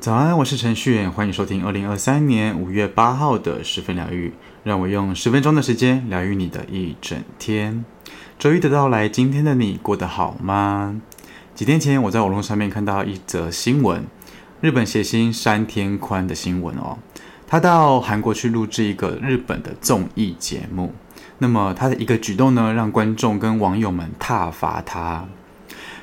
早安，我是許旭遠，歡迎收聽二零二三年五月八號的十分療癒。讓我用十分鐘的時間療癒你的一整天。週一的到來，今天的你過得好嗎？幾天前，我在網絡上面看到一則新聞，日本諧星山田寬的新聞哦，他到韓國去錄製一個日本的綜藝節目。那麼他的一個舉動呢，讓觀眾跟網友們撻伐他。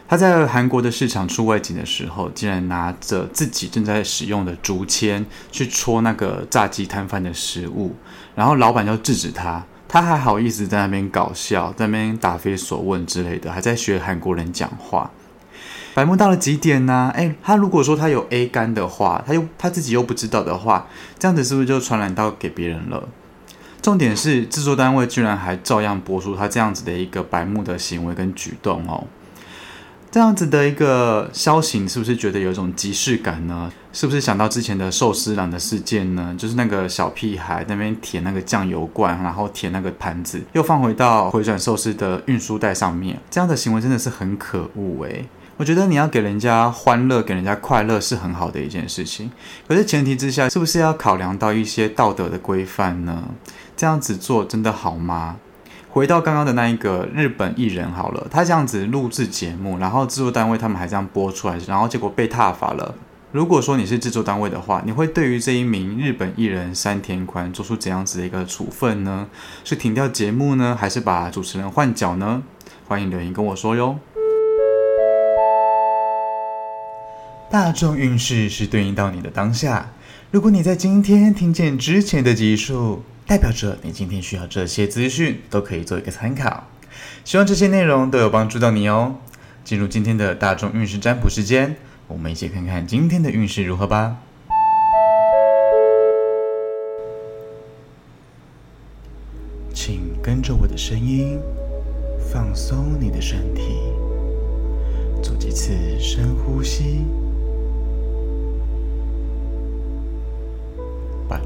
他在韓國的市場出外景的時候，竟然拿着自己正在使用的竹籤去戳那個炸雞攤販的食物，然後老闆就制止他，他還好意思在那邊搞笑、在那邊答非所問之類的，還在學韓國人講話，白目到了極點呢、啊。哎，他如果說他有 A 肝的話，他又他自己又不知道的話，這樣子是不是就傳染到給別人了？重點是製作單位居然還照樣播出他這樣子的一個白目的行為跟舉動哦，這樣子的一個消息，你是不是覺得有一種即視感呢？是不是想到之前的壽司郎的事件呢？就是那個小屁孩那邊舔那個醬油罐，然後舔那個盤子，又放回到回轉壽司的運輸帶上面，這樣的行為真的是很可惡哎、欸。我覺得你要給人家歡樂，給人家快樂是很好的一件事情。可是前提之下，是不是要考量到一些道德的規範呢？這樣子做真的好嗎？回到剛剛的那一個日本藝人好了，他這樣子錄製節目，然後製作單位他們還這樣播出來，然後結果被撻伐了。如果說你是製作單位的話，你會對於這一名日本藝人三田寬做出怎樣子的一個處分呢？是停掉節目呢，還是把主持人換角呢？歡迎留言跟我說喲。大眾運勢是對應到你的當下。如果你在今天聽見之前的集數，代表着你今天需要這些資訊，都可以做一個參考。希望這些內容都有幫助到你哦。進入今天的大眾運勢占卜時間，我們一起看看今天的運勢如何吧。請跟着我的聲音，放鬆你的身體，做幾次深呼吸。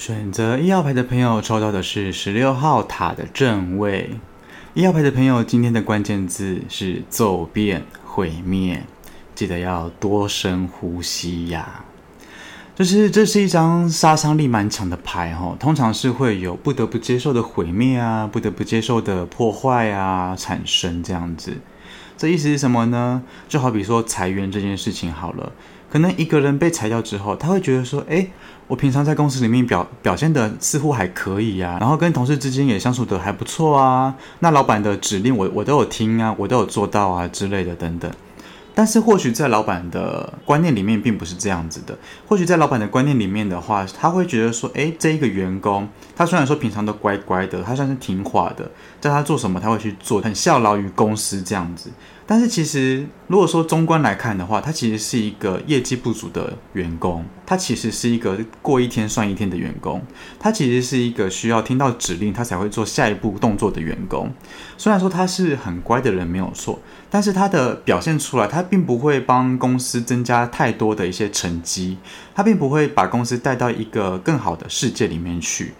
選擇一號牌的朋友抽到的是十六號塔的正位。一號牌的朋友，今天的關鍵字是驟變毀滅，記得要多深呼吸呀。就是這是一張殺傷力蠻強的牌，哦，通常是會有不得不接受的毀滅啊，不得不接受的破壞啊產生這樣子。這意思是什麼呢？就好比說裁員這件事情好了。可能一個人被裁掉之後，他會覺得說：“誒，我平常在公司裡面表表現得似乎還可以呀，啊，然後跟同事之間也相處得還不錯啊。那老闆的指令我我都有聽啊，我都有做到啊之類的等等。但是或許在老闆的觀念裡面並不是這樣子的，或許在老闆的觀念裡面的話，他會覺得說：誒，這一個員工他雖然說平常都乖乖的，他算是聽話的，叫他做什麼他會去做，很效勞於公司這樣子。”但是其實，如果說中觀來看的話，他其實是一個業績不足的員工，他其實是一個過一天算一天的員工，他其實是一個需要聽到指令他才會做下一步動作的員工。雖然說他是很乖的人，沒有錯，但是他的表現出來，他並不會幫公司增加太多的一些成績，他並不會把公司帶到一個更好的世界裡面去。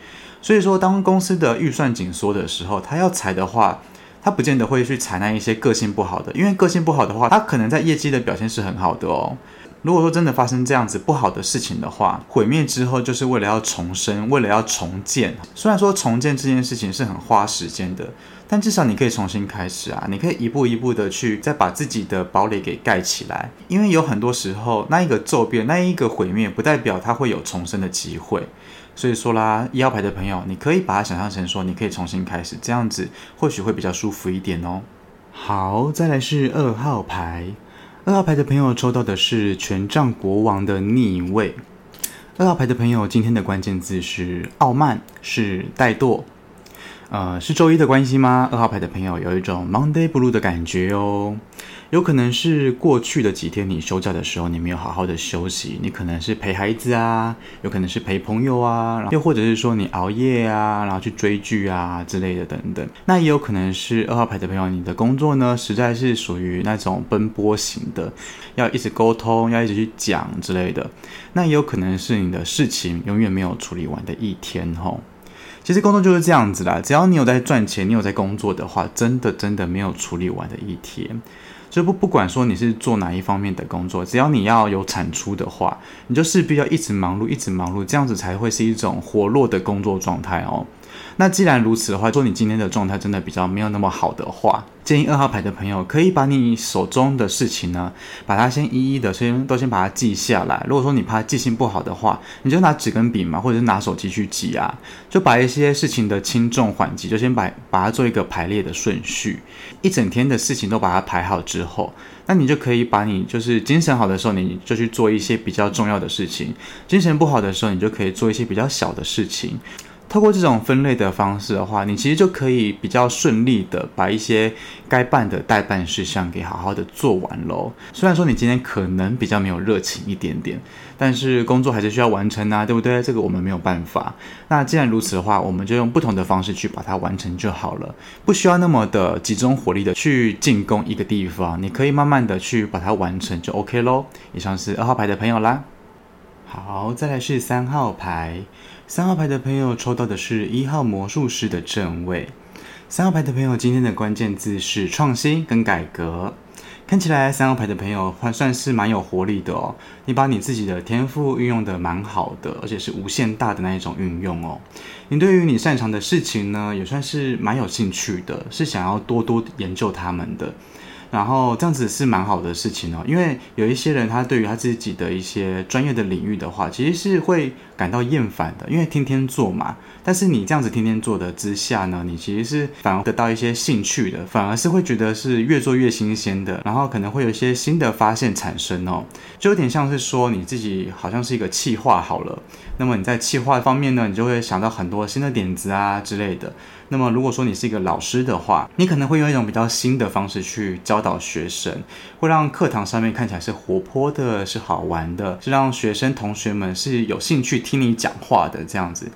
所以說，當公司的預算緊縮的時候，他要裁的話。他不見得會去採納一些個性不好的，因為個性不好的話，他可能在業績的表現是很好的哦。如果說真的發生這樣子不好的事情的話，毀滅之後就是為了要重生，為了要重建。雖然說重建這件事情是很花時間的，但至少你可以重新開始啊，你可以一步一步的去再把自己的堡壘給蓋起來。因為有很多時候，那一個驟變，那一個毀滅，不代表它會有重生的機會。所以說啦，一號牌的朋友，你可以把它想象成說，你可以重新開始，這樣子或許會比較舒服一點哦。好，再來是二號牌，二號牌的朋友抽到的是權杖國王的逆位，二號牌的朋友今天的關鍵字是傲慢，是怠惰。呃，是週一的關係嗎？二號牌的朋友有一種 Monday Blue 的感覺哦，有可能是過去的幾天你休假的時候，你沒有好好的休息，你可能是陪孩子啊，有可能是陪朋友啊，又或者是說你熬夜啊，然後去追劇啊之類的等等。那也有可能是二號牌的朋友，你的工作呢，實在是屬於那種奔波型的，要一直溝通，要一直去講之類的。那也有可能是你的事情永遠沒有處理完的一天哦。其實工作就是這樣子啦，只要你有在賺錢，你有在工作的話，真的真的沒有處理完的一天。所以不不管說你是做哪一方面的工作，只要你要有產出的話，你就勢必要一直忙碌，一直忙碌，這樣子才會是一種活絡的工作狀態哦。那既然如此的話，說你今天的狀態真的比較沒有那麼好的話，建議二號牌的朋友可以把你手中的事情呢，把它先一一的先都先把它記下來。如果說你怕記性不好的話，你就拿紙跟筆嘛，或者是拿手機去記啊，就把一些事情的輕重緩急，就先把把它做一個排列的順序。一整天的事情都把它排好之後，那你就可以把你就是精神好的時候，你就去做一些比較重要的事情；精神不好的時候，你就可以做一些比較小的事情。透過這種分類的方式的話，你其實就可以比較順利的把一些該辦的待辦事項給好好的做完嘍。雖然說你今天可能比較沒有熱情一點點，但是工作還是需要完成吶、啊，對不對？這個我們沒有辦法。那既然如此的話，我們就用不同的方式去把它完成就好了，不需要那麼的集中火力的去進攻一個地方。你可以慢慢的去把它完成就 OK 咯以上是二號牌的朋友啦。好，再來是三號牌。三號牌的朋友抽到的是一號魔術師的正位。三號牌的朋友，今天的關鍵字是創新跟改革。看起來三號牌的朋友還算是蠻有活力的哦。你把你自己的天賦運用得蠻好的，而且是無限大的那一種運用哦。你對於你擅長的事情呢，也算是蠻有興趣的，是想要多多研究他們的。然後這樣子是蠻好的事情哦，因為有一些人他對於他自己的一些專業的領域的話，其實是會。感到厭煩的，因為天天做嘛。但是你這樣子天天做的之下呢，你其實是反而得到一些興趣的，反而是會覺得是越做越新鮮的。然後可能會有一些新的發現產生哦，就有點像是說你自己好像是一個企劃好了，那麼你在企劃方面呢，你就會想到很多新的點子啊之類的。那麼如果說你是一個老師的話，你可能會用一種比較新的方式去教導學生，會讓課堂上面看起來是活潑的、是好玩的，是讓學生同學們是有興趣聽你講話的這樣子，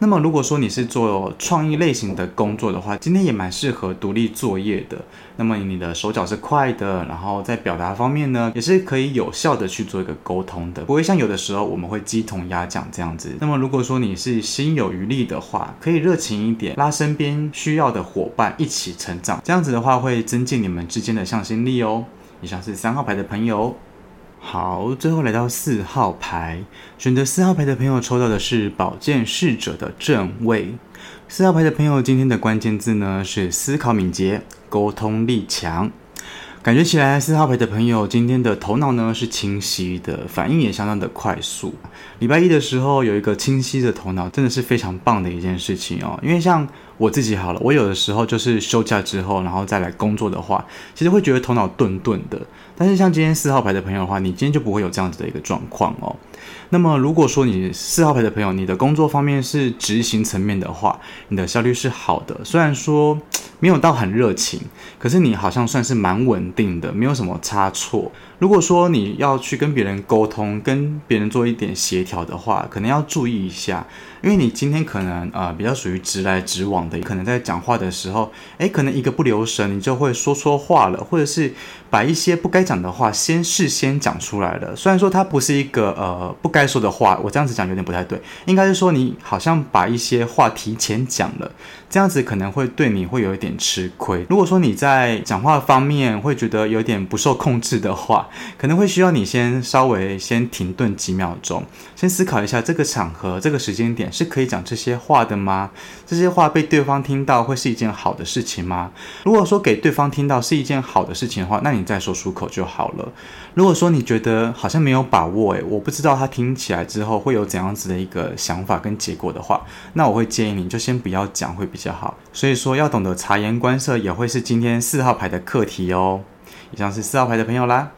那麼如果說你是做創意類型的工作的話，今天也蠻適合獨立作業的。那麼你的手腳是快的，然後在表達方面呢，也是可以有效的去做一個溝通的，不會像有的時候我們會雞同鴨講這樣子。那麼如果說你是心有餘力的話，可以熱情一點，拉身邊需要的夥伴一起成長，這樣子的話會增進你們之間的向心力哦。以上是三號牌的朋友。好，最後來到四號牌，選擇四號牌的朋友抽到的是寶劍侍者的正位。四號牌的朋友，今天的關鍵字呢是思考敏捷，溝通力強。感覺起來，四號牌的朋友今天的頭腦呢是清晰的，反應也相當的快速。禮拜一的時候有一個清晰的頭腦，真的是非常棒的一件事情哦。因為像我自己好了，我有的時候就是休假之後，然後再來工作的話，其實會覺得頭腦鈍鈍的。但是像今天四號牌的朋友的話，你今天就不會有這樣子的一個狀況哦。那麼如果說你四號牌的朋友，你的工作方面是執行層面的話，你的效率是好的，雖然說。沒有到很熱情，可是你好像算是蠻穩定的，沒有什麼差錯。如果說你要去跟別人溝通，跟別人做一點協調的話，可能要注意一下，因為你今天可能呃比較屬於直來直往的，可能在講話的時候，誒，可能一個不留神你就會說錯話了，或者是把一些不該講的話先事先講出來了。雖然說它不是一個呃不該說的話，我這樣子講有點不太對，應該是說你好像把一些話提前講了。這樣子可能會對你會有一點吃虧。如果說你在講話方面會覺得有點不受控制的話，可能會需要你先稍微先停頓幾秒鐘，先思考一下這個場合、這個時間點是可以講這些話的嗎？這些話被對方聽到會是一件好的事情嗎？如果說給對方聽到是一件好的事情的話，那你再說出口就好了。如果說你覺得好像沒有把握、欸，誒我不知道他聽起來之後會有怎樣子的一個想法跟結果的話，那我會建議你就先不要講，會比較。比較好，所以說要懂得察言觀色，也會是今天四號牌的課題哦。以上是四號牌的朋友啦。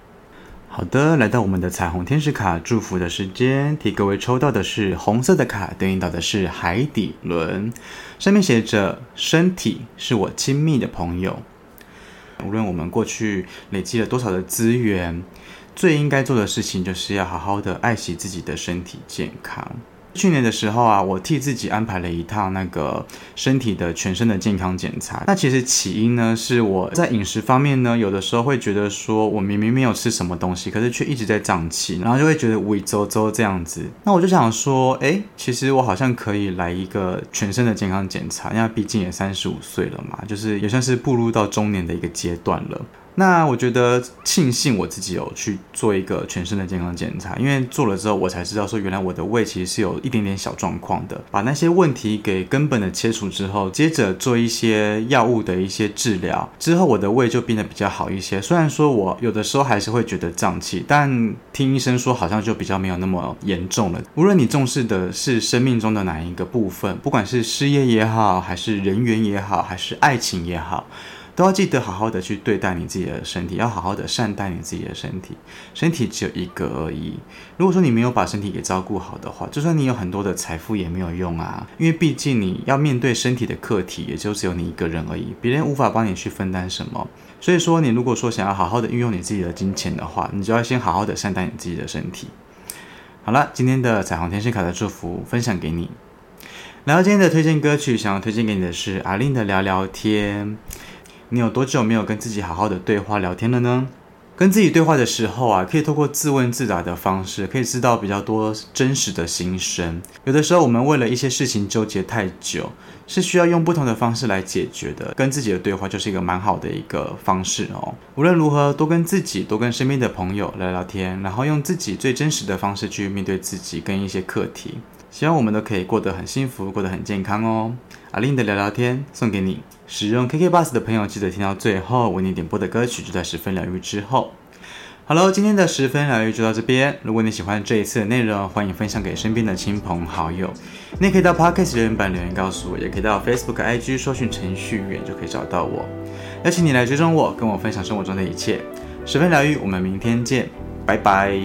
好的，來到我們的彩虹天使卡祝福的時間，替各位抽到的是紅色的卡，對應到的是海底輪，上面寫着“身體是我親密的朋友”。無論我們過去累積了多少的資源，最應該做的事情就是要好好的愛惜自己的身體健康。去年的時候啊，我替自己安排了一趟那個身體的全身的健康檢查。那其實起因呢，是我在飲食方面呢，有的時候會覺得說，我明明沒有吃什麼東西，可是卻一直在脹氣，然後就會覺得胃周周這樣子。那我就想說，哎，其實我好像可以來一個全身的健康檢查，因為畢竟也三十五歲了嘛，就是也算是步入到中年的一個階段了。那我覺得慶幸我自己有、哦、去做一個全身的健康檢查，因為做了之後，我才知道說原來我的胃其實是有一點點小狀況的。把那些問題給根本的切除之後，接着做一些藥物的一些治療之後，我的胃就變得比較好一些。雖然說我有的時候還是會覺得脹氣，但聽醫生說好像就比較沒有那麼嚴重了。無論你重視的是生命中的哪一個部分，不管是事業也好，還是人緣也好，還是愛情也好，都要記得好好的去對待你自己的身體，要好好的善待你自己的身體。身體只有一個而已。如果說你沒有把身體給照顧好的話，就算你有很多的財富也沒有用啊。因為畢竟你要面對身體的課題，也就只有你一個人而已，別人無法幫你去分擔什麼。所以說，你如果說想要好好的運用你自己的金錢的話，你就要先好好的善待你自己的身體。好了，今天的彩虹天生卡的祝福分享給你。然後今天的推薦歌曲，想要推薦給你的是 A-Lin 的《聊聊天》。你有多久沒有跟自己好好的對話聊天了呢？跟自己對話的時候啊，可以透過自問自答的方式，可以知道比較多真實的心聲。有的時候我們為了一些事情糾結太久，是需要用不同的方式來解決的。跟自己的對話就是一個蠻好的一個方式哦。無論如何，多跟自己，多跟身邊的朋友聊聊天，然後用自己最真實的方式去面對自己跟一些課題。希望我們都可以過得很幸福，過得很健康哦。阿令的聊聊天送給你。使用 KKBOX 的朋友記得聽到最後，為你點播的歌曲就在十分療癒之後。好了，今天的十分療癒就到這邊。如果你喜歡這一次的內容，歡迎分享給身邊的親朋好友。你也可以到 Podcast 留言板留言告訴我，也可以到 Facebook、IG 搜尋程序員就可以找到我。邀請你來追蹤我，跟我分享生活中的一切。十分療癒，我們明天見，拜拜。